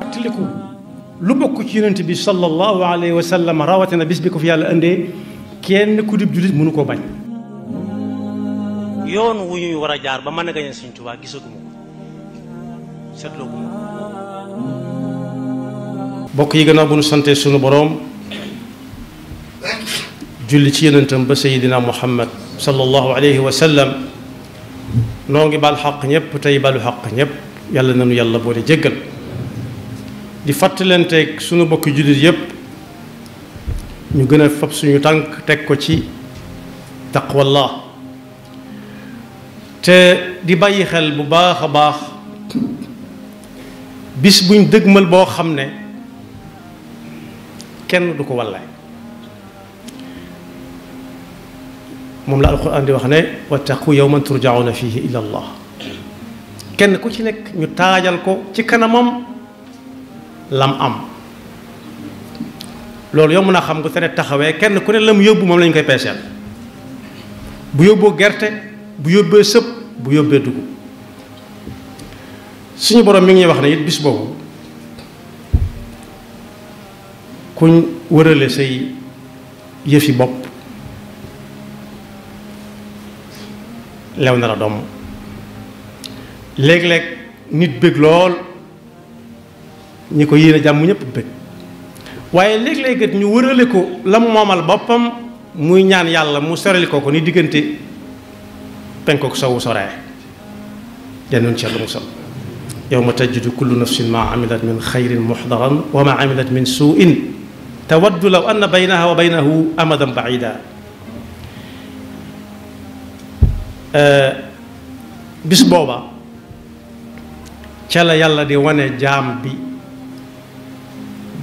fàttaliku lu bokk ci yonent bi sallallahu alayhi wa sallam rawatina bis bi ko fi yàlla indee kenn ku dib jullit mënu koo bañ. yoon wu ñuy war a jaar ba mën a gañe Sëñ Tuubaa gisaguma ko seetlooguma ko. bokk yi gannaaw bu ñu sante sunu boroom julli ci yonentam ba Seydina Muhammad sallallahu alayhi wa sallam noo ngi baal xaq ñëpp tey baalu xaq ñëpp yàlla nanu yàlla boole jéggal. di fatelante ak suñu bokk julit yépp ñu gën a fab suñu tànk teg ko ci taqwa allah te di bàyyi xel bu baax a baax bis buñ dëgmal boo xam ne kenn du ko wallaay moom la alquran di wax ne wattaqu yawman turjauna fihi ila allah kenn ku ci nekk ñu taajal ko ci kanamam lam am loolu yow mën a xam bu tere taxawee kenn ku ne lam yóbbu moom lañ koy peeseel bu yóbboo gerte bu yóbbee sëp bu yóbbee dugub suñu borom mi ngi wax ne it bis kuñ wërale say yëfi bopp lew na la doom léeg-léeg nit bëgg lool ñi ko yéene jàmm ñëpp bëgg waaye léeg-léeg it ñu wërale ko lam moomal boppam muy ñaan yàlla mu sorel ko ko ni diggante penkook sowu soree yalnoonu ci yàlla musal yowma tajidu kullu nafsin maa amilat min xayrin muxdaran wa maa amilat min suuin tawaddu law anna baynaha wa baynahu amadan baida bis booba ca la yàlla di wane jaam bi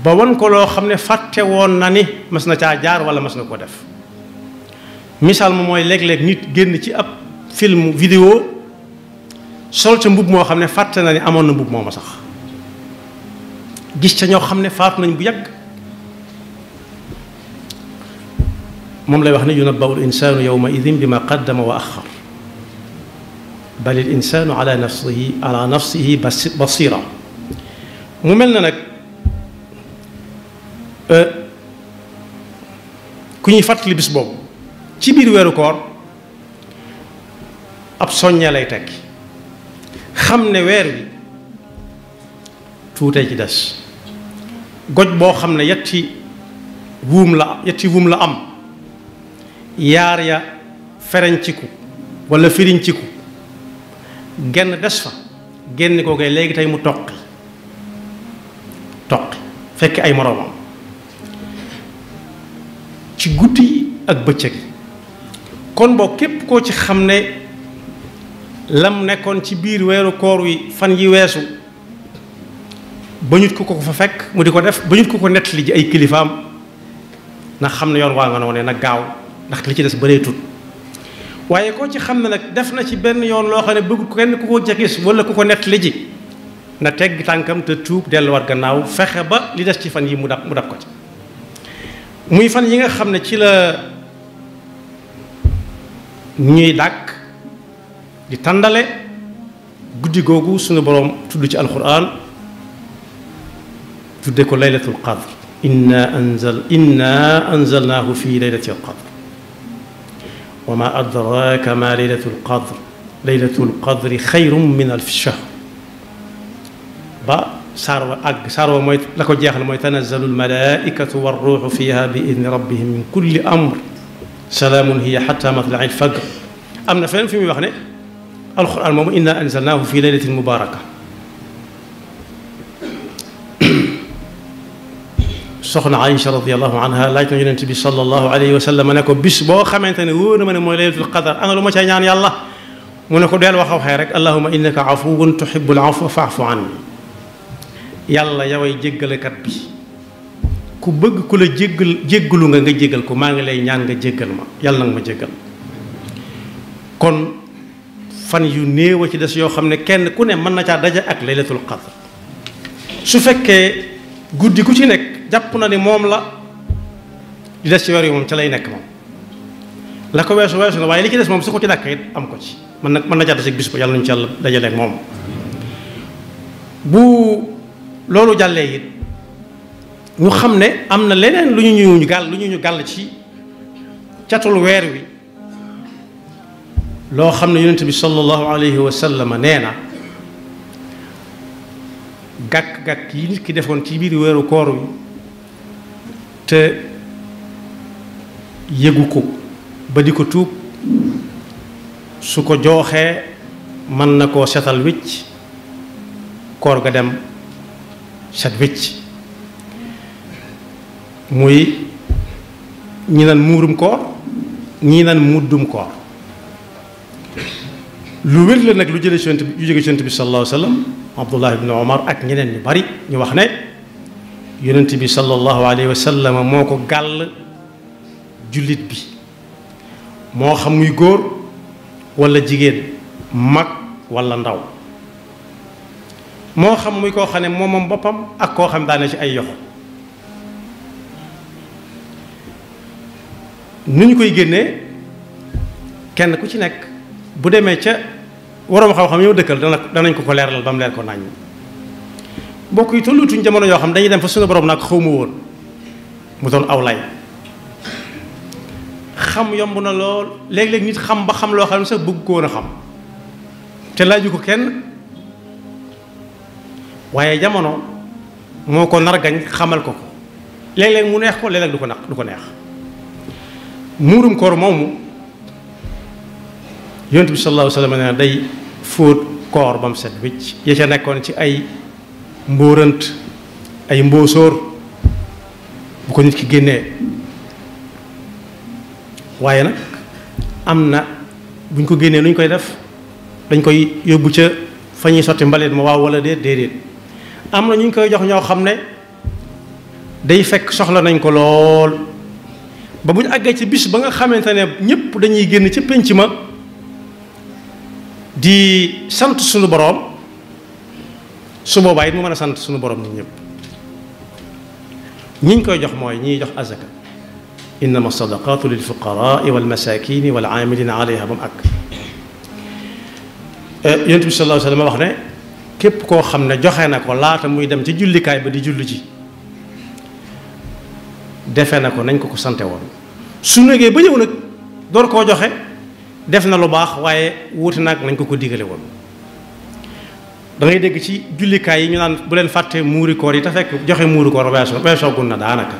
bawon ko lo xamne ne fàtte woon na ni masna ca jaar wala masna ko def misal mo moy leg leg nit génn ci ab film vidéo sol ci mbub mo xamne ne fàtte na ni amon na mbub ma sax gis ci ño xamne ne nañ bu yàgg mom lay wax ni yunabbahu al yawma idin bima qaddama wa akhar bal al insanu ala nafsihi ala nafsihi basira mu melna nak ku ñuy fàttali bis boobu ci biir weeru koor ab soññee lay tekki xam ne weer wi tuutee ci des goj boo xam ne yetti wuum la yetti wuum la am yaar ya ferenciku wala firinciku genn des fa génn ko léegi tey mu toqi toqi fekk ay moroomam ci guddi yi ak bëccëg yi kon boo képp koo ci xam ne lam nekkoon ci biir weeru koor wi fan yi weesu bañut ko ko fa fekk mu di ko def ku ko ko nettali ji ay kilifaam na xam ne yoon waa nga noonee nag gaaw ndax li ci des bareetut waaye koo ci xam ne nag def na ci benn yoon loo xam ne bëggut ko kenn ku ko jagis wala ku ko nettali ji na tegg tànkam te tuub delluwaat gannaaw fexe ba li des ci fan yi mu dab mu dab ko ci muy fan yi nga xam ne ci la ñuy dàkk di tàndale guddi googu suñu borom tudd ci alquran tudde ko laylatul qadr inna anzal inna anzalnahu fi laylatil qadr وما أدراك ما ليلة القدر ليلة القدر خير من ألف شهر با سار أج سار وميت الميت تنزل الملائكة والروح فيها بإذن ربهم من كل أمر سلام هي حتى مطلع الفجر أم نفهم في مبحنة القرآن المهم إنا أنزلناه في ليلة مباركة سخن عائشة رضي الله عنها لا يتنجل النبي صلى الله عليه وسلم نكو بس بوخ من تنور من ليلة القدر أنا لما تنجاني يعني الله ونكو ديال وخو خيرك اللهم إنك عفو تحب العفو فاعفو عني yàlla yaway jéggalekat bi ku bëgg ku la jéggal jéggalu nga nga jéggal ko maa ngi lay ñaan nga jéggal ma yàlla nga ma jéggal kon fan yu néew ci des yoo xam ne kenn ku ne mën na caa daje ak laylatul qadr su fekkee guddi ku ci nekk jàpp na ni moom la di des ci weer yi moom ca lay nekk moom la ko weesu weesu na waaye li ci des moom su ko ci dàkk it am ko ci mën na mën na caa des ak bis ba yàlla nañu ci yàlla dajaleeg moom bu loolu jàllee it ñu xam ne am na leneen lu ñu ñu gàll lu ñu ñu gàll ci catul weer wi loo xam ne yonent bi sallallahu alayhi wa sallam nee na gàkk-gàkk yi nit ki defoon ci biiru weeru koor wi te yëgu ko ba di ko tuub su ko jooxee mën na koo setal wicc koor ga dem set wécc muy ñi naan muurum koor ñi naan muddum koor lu wér la nag lu jëlee yonent bi lu jóge yonent bi sallallahu alayhi wa sallam abdullah ibn omar ak ñeneen ñu bari ñu wax ne yonent bi sallallahu alayhi wa sallam moo ko gàll jullit bi moo xam muy góor walla jigéen mag wala ndaw moo xam muy koo xam ne moomam boppam ak koo xam daane ci ay yoxo nu ñu koy génnee kenn ku ci nekk bu demee ca waroom xam-xam yow dëkkal dana danañ ko ko leeralal ba mu leer ko nañ mbokk yi tollutuñ jamono yoo xam dañuy dem fa suñu borom nag xaw ma woon mu doon aw lay xam yomb na lool léeg-léeg nit xam ba xam loo xam ne sax bugg ko a xam te laaju ko kenn waaye jamono moo ko nargañ xamal ko ko léeg-léeg mu neex ko léeg du ko nag du ko neex muurum koor moomu yonent bi sallallahu alayhi wa sallam day fóot koor bam mu set wicc ya ca nekkoon ci ay mbóorant ay mbóosóor bu ko nit ki génnee waaye nag am na bu ñu ko génnee nu ñu koy def dañ koy yóbbu ca fa ñuy sotti mbalit ma waaw wala déet déedéet amna ñu koy jox ñoo xamne day fekk soxla nañ ko lool ba bu agge ci bis ba nga xamantene ñëpp dañuy génn ci pénc ma di sant suñu borom su mo it mu mëna a sant suñu borom ñëpp ñi ñu koy jox moy ñi jox azaka innama sadaqatu lil fuqaraa wal masakini wal aamilina alayha ba mu àgg yonent bi sallallahu alayhi wa sallam wax ne képp koo xam ne joxe na ko laata muy dem ci jullikaay ba di julli ci defe na ko nañ ko ko sante woon su négee ba ñëw nag door koo joxe def na lu baax waaye wuute nag nañ ko ko digale woon dangay ngay dégg ci jullikaay yi ñu naan bu leen fàtte muuri yi te fekk joxe muuri koor weesoo weesoo gun na daanaka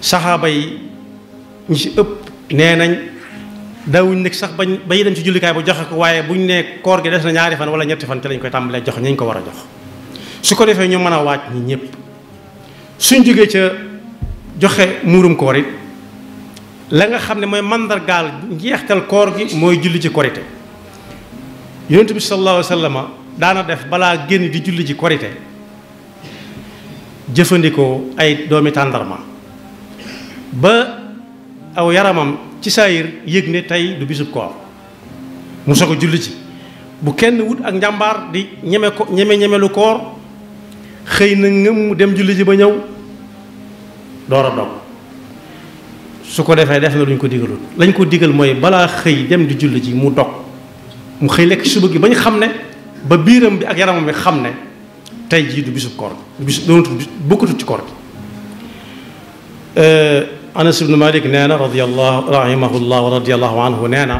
saxaaba yi ñi ci ëpp nee nañ daawuñ nag sax bañ bay dem ci jullikaay bu joxe ko waaye bu ñu ne koor gi des na ñaari fan wala ñetti fan te lañ koy tàmbalee jox ñañ ko war a jox su ko defee ñu mën a waaj ñi ñëpp suñ jógee ca joxe muurum koor it la nga xam ne mooy mandargaal njeextal koor gi mooy julli ci korite yonent bi sallallahu alayhi wa sallam daana def balaa génn di julli ci korite jëfandikoo ay doomi tàndarma aw yaramam ci saayir yëg ne tey du bisub koor mu sox a julli ci bu kenn wut ak njàmbaar di ñeme ko ñeme ñemelu koor xëy na ngëm mu dem julli ji ba ñëw door a dog su ko defee def na luñ ko digalul lañ ko digal mooy balaa xëy dem di julli ji mu dog mu xëy lekk suba gi bañ xam ne ba biiram bi ak yaramam bi xam ne tey jii du bisub koor bi du bis doonatu bokkatu ci koor bi أنس بن مالك نانا رضي الله رحمه الله ورضي الله عنه نانا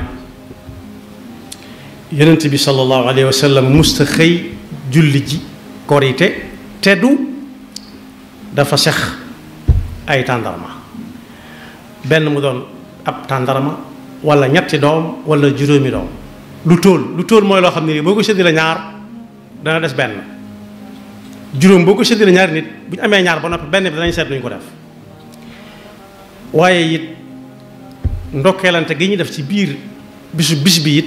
ينتبي صلى الله عليه وسلم مستخي جلجي كوريتي تدو دفا سخ أي تندرما بن مدون أب تندرما ولا نياتي دوم ولا جرومي دوم lu tóol lu tóol mooy loo xam ne nii boo ko séddalee ñaar dana des benn juróom boo ko séddalee ñaari nit bu ñu amee ñaar ba noppi benn bi waaye it ndokkeelante gi ñu def ci biir bisu bis bi it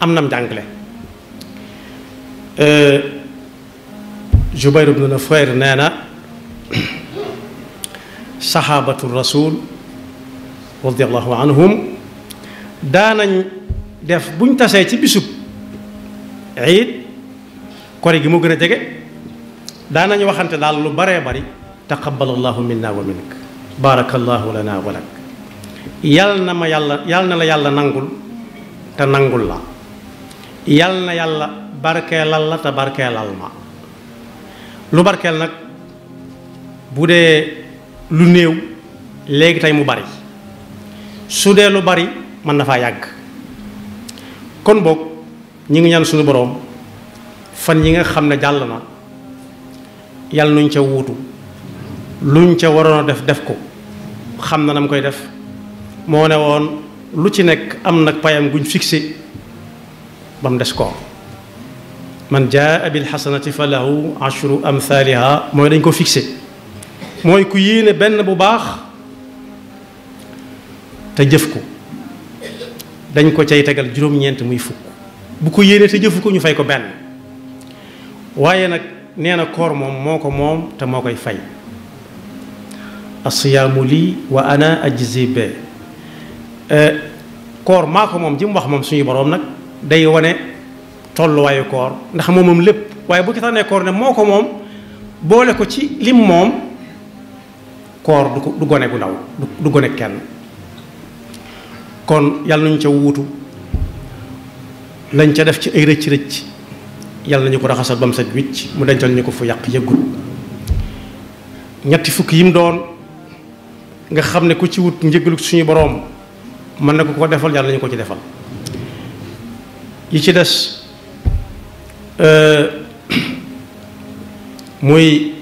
am na nam jàngale euh, Jubayr ibnu Nufayr nee na saxaabatu rasul radiallahu anhum daanañ def buñ tasee ci bisub iid kore gi mu gën a jege daanañ waxante daal lu baree bari taqabbalallahu minna wa mink baarakallahu lana wa lak yal na ma yàlla yal na la yàlla nangul te nangul la yal na yàlla barkeelal la te barkeelal ma lu barkeel nag bu dee lu néew léegi tey mu bari su dee lu bari mën na faa yàgg kon book ñi ngi ñaan suñu boroom fan yi nga xam ne jàll na yàlla nuñ ca wuutu luñ ca waroon a def def ko xam na nam koy def moo ne woon lu ci nekk am nag payam guñ fixé ba mu des koor man jaa bil xasanati fa lahu am amthaliha mooy dañ ko fixé mooy ku yéene benn bu baax te jëf ko dañ ko cay tegal juróom-ñeent muy fukk bu ko yéene te jëfu ko ñu fay ko benn waaye nag nee na koor moom moo ko moom te moo koy fay asiyaamu lii wa ana ajzi be koor maa ko moom ji wax moom suñu boroom nag day wane tolluwaayu koor ndax moom moom lépp waaye bu ki tax koor ne moo ko moom boole ko ci lim moom koor du ko du gone gu ndaw du gone kenn kon yàlla nañu ca wuutu lañ ca def ci ay rëcc rëcc yàlla nañu ko raxasal ba mu wicc mu dencal ñu ko fu yàq yëggul ñetti fukk yim doon nga xam ne ku ci wut njëgalu suñu boroom mën na ko ko defal yàlla ñu ko ci defal yi ci des euh, muy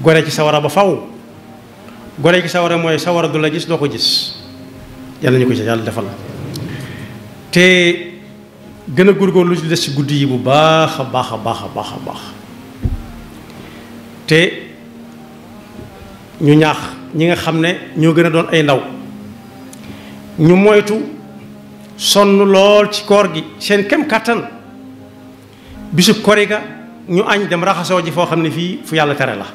gore ci sawara ba faw gore ci sawara mooy sawara du la gis doo ko gis yàlla ñu ko ci yàlla defal te gën a lu ci des ci guddi yi bu baax a baax a baax a baax a baax te ñu ñaax ñi nga xam ne ñoo gën a doon ay ndaw ñu moytu sonn lool ci koor gi seen kem kàttan bisub koriga ñu añ dem raxasoo ji foo xam ne fii fu yàlla tere la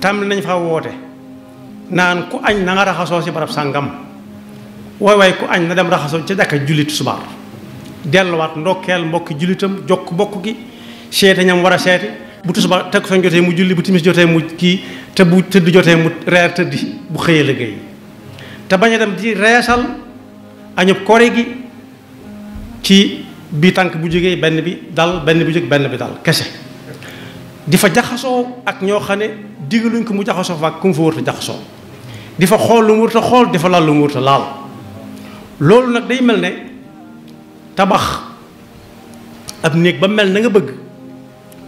tam nañ fa woote naan ku añ na nga raxasoo si barab sàngam way way ku añ na dem raxasoo ca jàkka jullit subaar delluwaat ndokkeel mbokki julitam jokk mbokk gi seete ñam war a seeti bu tusuba takk mu julli bu timis jotee mu kii te bu tëdd jotee mu reer di bu xëyee liggéey te baña dem di reesal añub kori gi ci bi tank bu ben bi dal ben bi jóg ben bi dal kese di fa jaxaso ak ño xane ne ko mu jaxaso fa kum fu wurtu fa di fa xol lu wurtu xol di fa lal lu wurtu lal lolou nak day melne ne tabax ab néeg ba mel na nga bëgg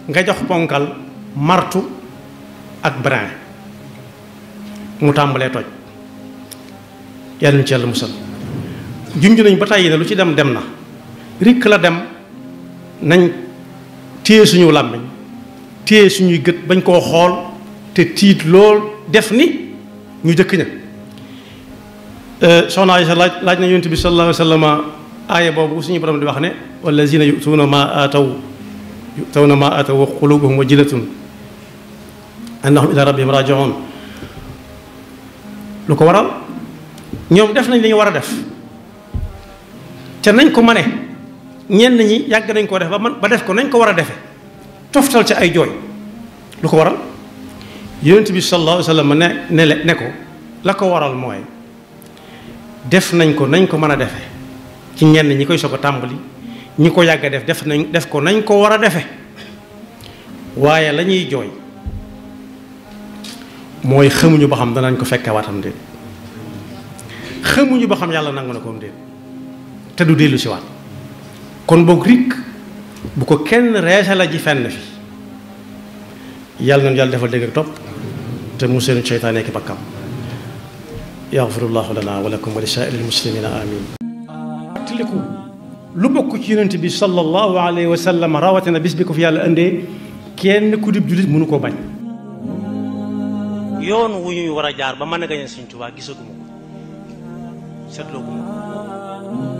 nga jox ponkal martu ak brin mu tàmbalee toj yal nañu ci yàlla musal junj nañu ba tàyyi ne lu ci dem dem na rikk la dem nañ téye suñu làmmiñ téye suñuy gët bañ koo xool te tiit lool def ni ñu jëkk ña euh, soxna Aysa laaj laaj na yonent bi sallallahu alayhi wa aaya boobu suñu borom di wax ne wallazina yu'tuuna maa aataw yu'tuuna maa aataw wa qulubuhum wajilatun انهم الى ربهم راجعون لوكو ورال نيوم ديف نان لي ورا ديف تي نان كو ماني نين ني ياغ نان كو ديف با ديف كو نان كو ورا ديف توفتال تي اي جوي لوكو ورال يونت بي صلى الله عليه وسلم نيل نيكو لاكو ورال موي ديف نان كو نان كو مانا ديف تي نين ني كوي سوكو تامبلي ني كو ياغ ديف ديف كو نان كو ورا ديف وايا لا moy xamuñu ba xam danañ ko fekke watam de xamuñu ba xam yàlla nangu ko koom déet te du delu ci wat kon bok rik bu ko kenn reese la ji fenn fi yàlla ñu yàlla defal deg ak top te mu museenu seytaane ki bakkam yaxfirullahu lana wa lakum wa lisa'il saa'iril muslimina amin atliku lu bokk ci yoonte bi sallallahu alayhi wa sallam rawatina bisbiku fi yàlla ande kenn ku dib julit mënu ko bañ yoon wu ñuy war a jaar ba mën a gañe Sëñ Tuubaa gisaguma ko seetloo guma ko